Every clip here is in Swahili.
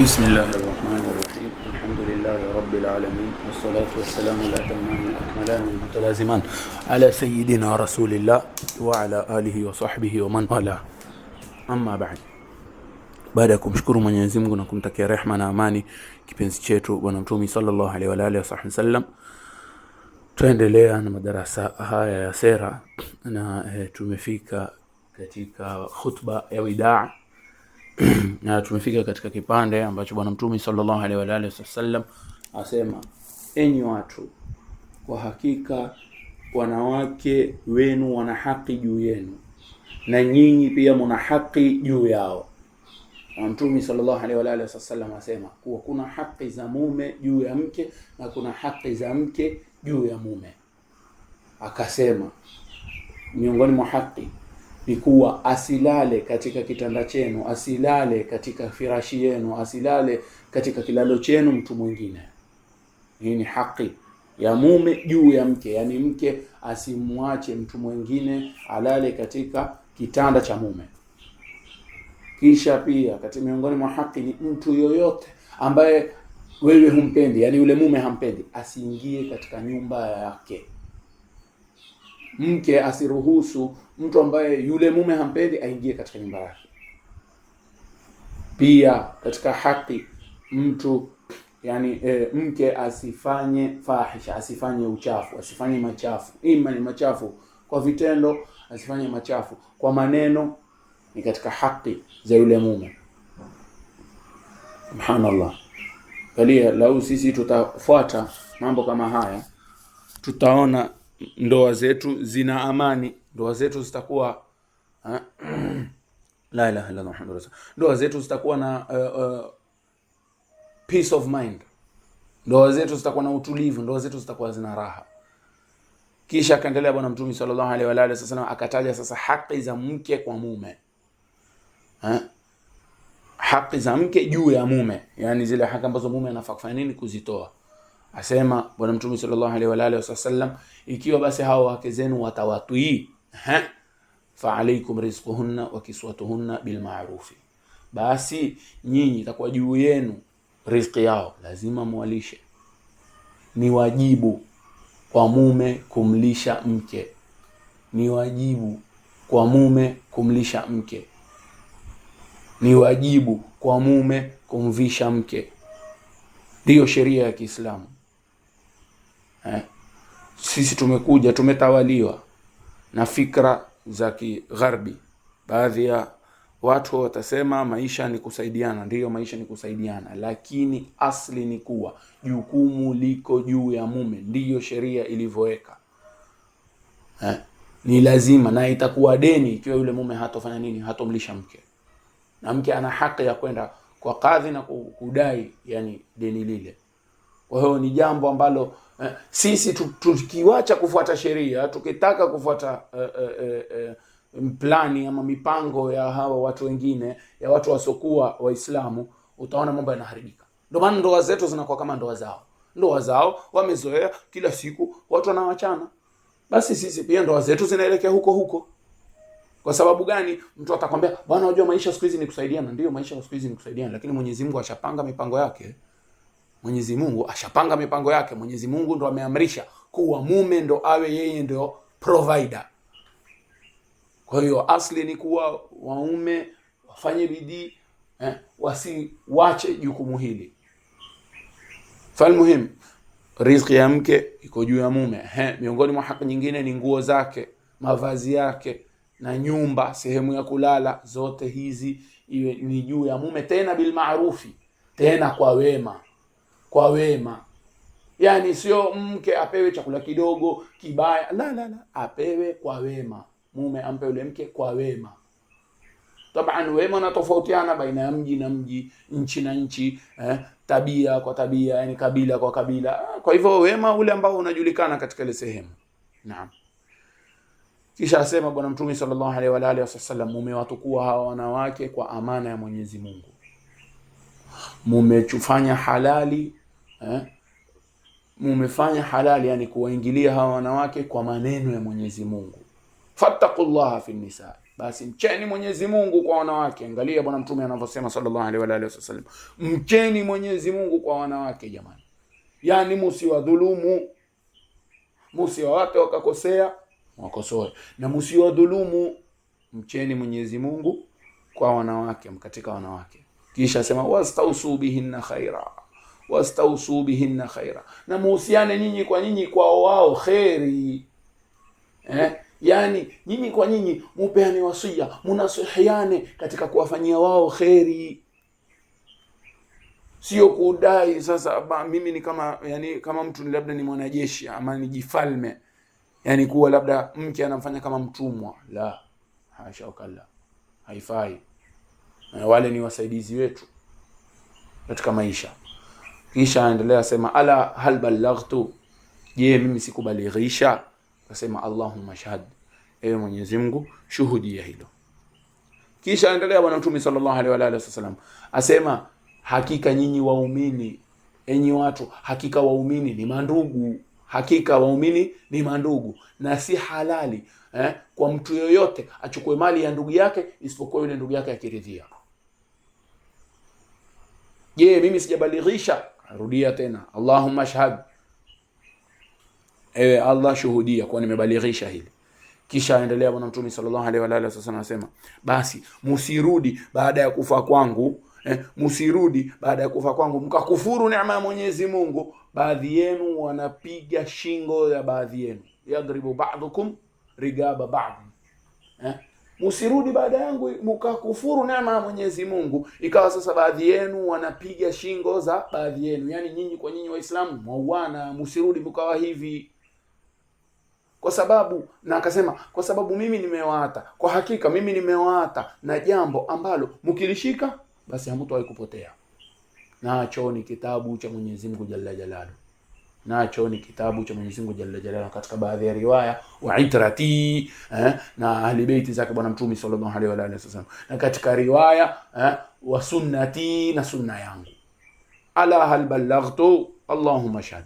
بسم الله الرحمن الرحيم الحمد لله رب العالمين والصلاة والسلام الأتمان الأكملان المتلازمان على سيدنا رسول الله وعلى آله وصحبه ومن والاه أما بعد baada ya kumshukuru Mwenyezi Mungu na kumtakia rehma na amani kipenzi chetu Bwana Mtume sallallahu alaihi wa alihi wasallam, tuendelea na madarasa haya ya sera na e, tumefika katika khutba ya widaa na tumefika katika kipande ambacho Bwana Mtume sallallahu alaihi wa alihi wasallam asema, enyi watu, kwa hakika wanawake wenu wana haki juu yenu na nyinyi pia mna haki juu yao. Na Mtume sallallahu alaihi wa alihi wasallam asema kuwa kuna haki za mume juu ya mke na kuna haki za mke juu ya mume. Akasema miongoni mwa haki ni kuwa asilale katika kitanda chenu, asilale katika firashi yenu, asilale katika kilalo chenu mtu mwingine. Hii ni haki ya mume juu ya mke, yaani mke asimwache mtu mwingine alale katika kitanda cha mume. Kisha pia katika miongoni mwa haki ni mtu yoyote ambaye wewe humpendi, yaani yule mume hampendi, asiingie katika nyumba yake mke asiruhusu mtu ambaye yule mume hampendi aingie katika nyumba yake. Pia katika haki mtu yani e, mke asifanye fahisha, asifanye uchafu, asifanye machafu, ima ni machafu kwa vitendo, asifanye machafu kwa maneno, ni katika haki za yule mume. Subhanallah, kalia lau sisi tutafuata mambo kama haya tutaona ndoa zetu zina amani, ndoa zetu zitakuwa eh, la ilaha Allah muhammadur rasul, ndoa zetu zitakuwa na uh, uh, peace of mind, ndoa zetu zitakuwa na utulivu, ndoa zetu zitakuwa zina raha. Kisha akaendelea Bwana Mtume sallallahu alaihi wa alihi wasallam akataja sasa haki za mke kwa mume ha? haki za mke juu ya mume, yani zile haki ambazo mume anafaa kufanya nini kuzitoa asema Bwana Mtume sallallahu alaihi wa alihi wasallam, ikiwa basi hao wake zenu watawatwii, fa alaikum rizquhunna wa kiswatuhunna bil ma'ruf basi nyinyi itakuwa juu yenu riziki yao, lazima mwalishe. Ni wajibu kwa mume kumlisha mke, ni wajibu kwa mume kumlisha mke, ni wajibu kwa mume kumvisha mke. Ndiyo sheria ya Kiislamu eh. Sisi tumekuja tumetawaliwa na fikra za kigharbi Baadhi ya watu watasema maisha ni kusaidiana. Ndiyo, maisha ni kusaidiana, lakini asli ni kuwa jukumu liko juu ya mume. Ndiyo sheria ilivyoweka eh. Ni lazima na itakuwa deni ikiwa yule mume hatofanya nini, hatomlisha mke, na mke ana haki ya kwenda kwa kadhi na kudai yani deni lile. Kwa hiyo ni jambo ambalo Eh, sisi tukiwacha kufuata sheria, tukitaka kufuata uh, uh, uh, plani ama mipango ya hawa watu wengine ya watu wasiokuwa Waislamu, utaona mambo yanaharibika. Ndio maana ndoa zetu zinakuwa kama ndoa zao. Ndoa zao wamezoea kila siku watu wanawachana, basi sisi pia ndoa zetu zinaelekea huko huko. Kwa sababu gani? Mtu atakwambia bwana, unajua maisha siku hizi ni kusaidiana. Ndio, maisha siku hizi ni kusaidiana, lakini Mwenyezi Mungu ashapanga mipango yake. Mwenyezi Mungu ashapanga mipango yake. Mwenyezi Mungu ndo ameamrisha kuwa mume ndo awe yeye ndo provider. Kwa hiyo asli ni kuwa waume wafanye bidii eh, wasiwache jukumu hili. Falmuhim, riziki ya mke iko juu ya mume. He, eh, miongoni mwa haki nyingine ni nguo zake, mavazi yake na nyumba, sehemu ya kulala, zote hizi iwe ni juu ya mume, tena bilmarufi, tena kwa wema kwa wema, yaani sio mke apewe chakula kidogo kibaya, la la la, apewe kwa wema, mume ampe yule mke kwa wema. Taban, wema unatofautiana baina ya mji na mji, nchi na nchi, eh, tabia kwa tabia, yani kabila kwa kabila. Kwa hivyo wema ule ambao unajulikana katika ile sehemu. Naam. Kisha asema Bwana Mtume sallallahu alaihi wa alihi wasallam, watukua hawa wanawake kwa amana ya Mwenyezi Mungu, mumechufanya halali eh, mumefanya halali, yani kuwaingilia hawa wanawake kwa maneno ya Mwenyezi Mungu, fattaqullaha fi nisa, basi mcheni Mwenyezi Mungu kwa wanawake. Angalia bwana mtume anavyosema sallallahu alaihi wa alihi wasallam, mcheni Mwenyezi Mungu kwa wanawake jamani, yani musiwadhulumu, musiwawate wakakosea wakosoe, na msiwadhulumu, Mcheni Mwenyezi Mungu kwa wanawake, mkatika wanawake, kisha sema wastausu bihinna khaira wastausu bihinna khaira, na muhusiane nyinyi kwa nyinyi kwao wao kheri eh? Yani nyinyi kwa nyinyi mupeane wasia, munasihiane katika kuwafanyia wao kheri, sio kudai sasa ba, mimi ni kama yani, kama mtu labda ni mwanajeshi ama ni jifalme yani kuwa labda mke anamfanya kama mtumwa. La hasha wakalla, haifai. Eh, wale ni wasaidizi wetu katika maisha. Kisha anaendelea sema, ala hal balaghtu je, mimi sikubalighisha? akasema Allahumma shahad, ewe Mwenyezi Mungu shuhudia hilo. Kisha anaendelea Bwana Mtume sallallahu alaihi wa alihi wasallam asema, hakika nyinyi waumini, enyi watu, hakika waumini ni mandugu, hakika waumini ni mandugu, na si halali eh, kwa mtu yoyote achukue mali ya ndugu yake isipokuwa yule ndugu yake akiridhia. Je, mimi sijabalighisha Rudia tena, Allahumma shhad ewe Allah shuhudia kuwa nimebalighisha hili. Kisha aendelea Bwana Mtume sallallahu alaihi wa alihi wasallam anasema, basi musirudi baada ya kufa kwangu eh, musirudi baada ya kufa kwangu mkakufuru neema ya Mwenyezi Mungu. Baadhi yenu wanapiga shingo ya baadhi yenu, yadribu ba'dukum rigaba ba'd eh msirudi baada yangu mkakufuru neema ya Mwenyezi Mungu. Ikawa sasa baadhi yenu wanapiga shingo za baadhi yenu, yaani nyinyi kwa nyinyi Waislamu mwauana, msirudi mkawa hivi kwa sababu na akasema, kwa sababu mimi nimewaata, kwa hakika mimi nimewaata na jambo ambalo mkilishika basi hamtawahi kupotea, nacho ni kitabu cha Mwenyezi Mungu jalla jalalu nacho ni kitabu cha Mwenyezi Mungu jalla jalala, katika baadhi ya riwaya wa itrati eh, na ahli baiti zake Bwana Mtume sallallahu alaihi wa alihi wasallam, na katika riwaya eh, wa sunnati, na sunna yangu. Ala hal ballaghtu, Allahumma shahid.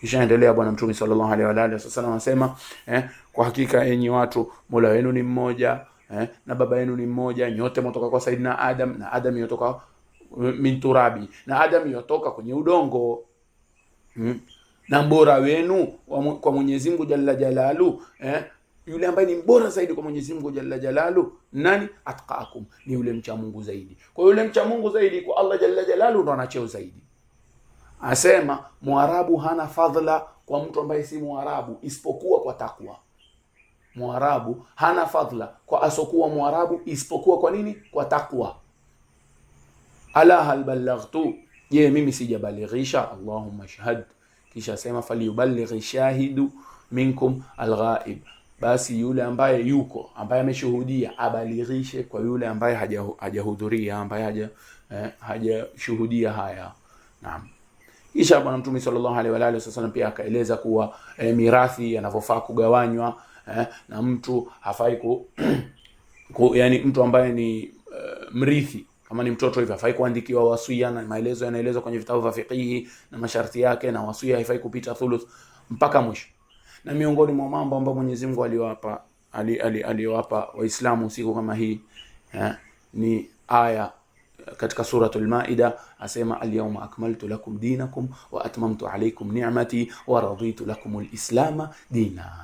Kisha endelea Bwana Mtume sallallahu alaihi wa alihi wasallam anasema eh, kwa hakika enyi watu, mola wenu ni mmoja eh, na baba yenu ni mmoja, nyote mtoka kwa Saidina Adam, na Adam yotoka eh, min turabi, na Adam yotoka kwenye udongo hmm. na mbora wenu kwa Mwenyezi Mungu jalla jalalu eh? Yule ambaye ni mbora zaidi kwa Mwenyezi Mungu jalla jalalu nani? Atqaakum, ni yule mcha Mungu zaidi. Kwa yule mcha Mungu zaidi kwa Allah jalla jalalu ndo anacheo zaidi. Asema mwarabu hana fadhila kwa mtu ambaye si mwarabu isipokuwa kwa takwa. Mwarabu hana fadhila kwa asokuwa mwarabu isipokuwa kwa nini? Kwa takwa. ala hal ballaghtu Je, mimi sijabalighisha? Allahumma shahad. Kisha sema falyuballighi shahidu minkum alghaib, basi yule ambaye yuko ambaye ameshuhudia abalighishe kwa yule ambaye hajahudhuria ambaye haja eh, hajashuhudia haya. Naam. Kisha Bwana Mtume sallallahu alaihi wa alihi wasallam pia akaeleza kuwa eh, mirathi yanavyofaa kugawanywa eh, na mtu hafai ku, ku, yani mtu ambaye ni uh, mrithi kama ni mtoto hivyo hafai kuandikiwa wasia, na maelezo yanaelezwa kwenye vitabu vya fiqh na masharti yake, na wasia haifai kupita thuluth mpaka mwisho. Na miongoni mwa mambo ambayo Mwenyezi Mungu aliwapa aliwapa ali, Waislamu siku kama hii ya, eh, ni aya katika Suratul Maida asema alyawma akmaltu lakum dinakum wa atmamtu alaykum ni'mati wa raditu lakum alislama dina.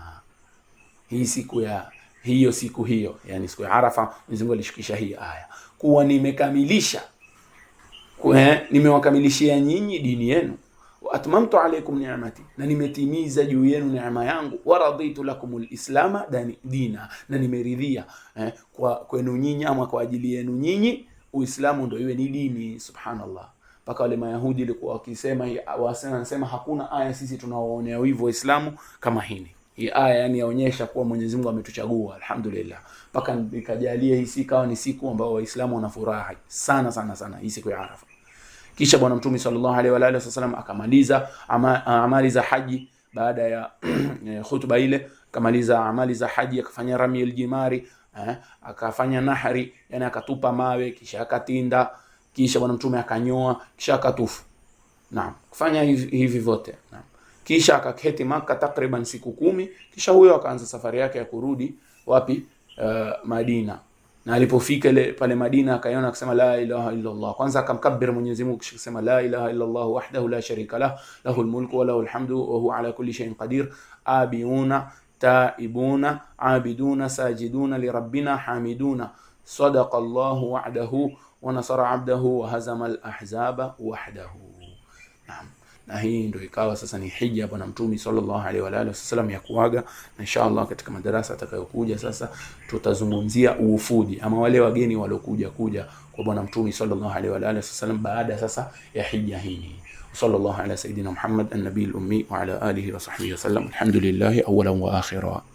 Hii siku ya hiyo siku hiyo, yani siku ya Arafa, Mwenyezi Mungu alishikisha hii aya kuwa nimekamilisha eh, nimewakamilishia nyinyi dini yenu, wa atmamtu alaykum ni'mati, na nimetimiza juu yenu neema yangu, wa raditu lakumul islama dina, na nimeridhia eh, kwa kwenu nyinyi ama kwa ajili yenu nyinyi Uislamu ndio iwe ni dini. Subhanallah, mpaka wale Mayahudi walikuwa wakisema, wanasema hakuna aya sisi tunawaonea wivu Waislamu kama hili. Hii aya yani yaonyesha kuwa Mwenyezi Mungu ametuchagua alhamdulillah, mpaka nikajalia hii ikawa ni siku ambayo Waislamu wana furaha sana sana sana, hii siku ya Arafa. Kisha Bwana Mtume sallallahu alaihi wa alihi wasallam akamaliza ama, amali za haji baada ya eh, khutba ile, akamaliza amali za haji, akafanya rami aljimari eh, akafanya nahari, yani akatupa mawe, kisha akatinda, kisha Bwana Mtume akanyoa, kisha akatufu. Naam, kufanya hivi vyote naam kisha akaketi Maka takriban siku kumi, kisha huyo akaanza safari yake ya kurudi wapi? Uh, Madina. Na alipofika ile pale Madina akaiona akasema la ilaha illa Allah. Kwanza akamkabir Mwenyezi Mungu kisha akasema la ilaha illa Allah wahdahu la sharika lah lahul mulku wa lahul hamdu wa huwa ala kulli shay'in qadir abiuna taibuna abiduna sajiduna lirabbina hamiduna sadaqa Allahu wa'dahu wa nasara abdahu wa hazama al ahzaba wahdahu. Naam na hii ndio ikawa sasa ni hija Bwana Mtume sallallahu alaihi wa alihi wasallam ya kuaga, na inshallah katika madarasa atakayokuja sasa tutazungumzia uufudi ama wale wageni waliokuja kuja kwa Bwana Mtume sallallahu alaihi wa alihi wasallam baada sasa ya hija hii. صلى الله على سيدنا محمد النبي الأمي وعلى آله وصحبه وسلم الحمد لله أولا وآخرا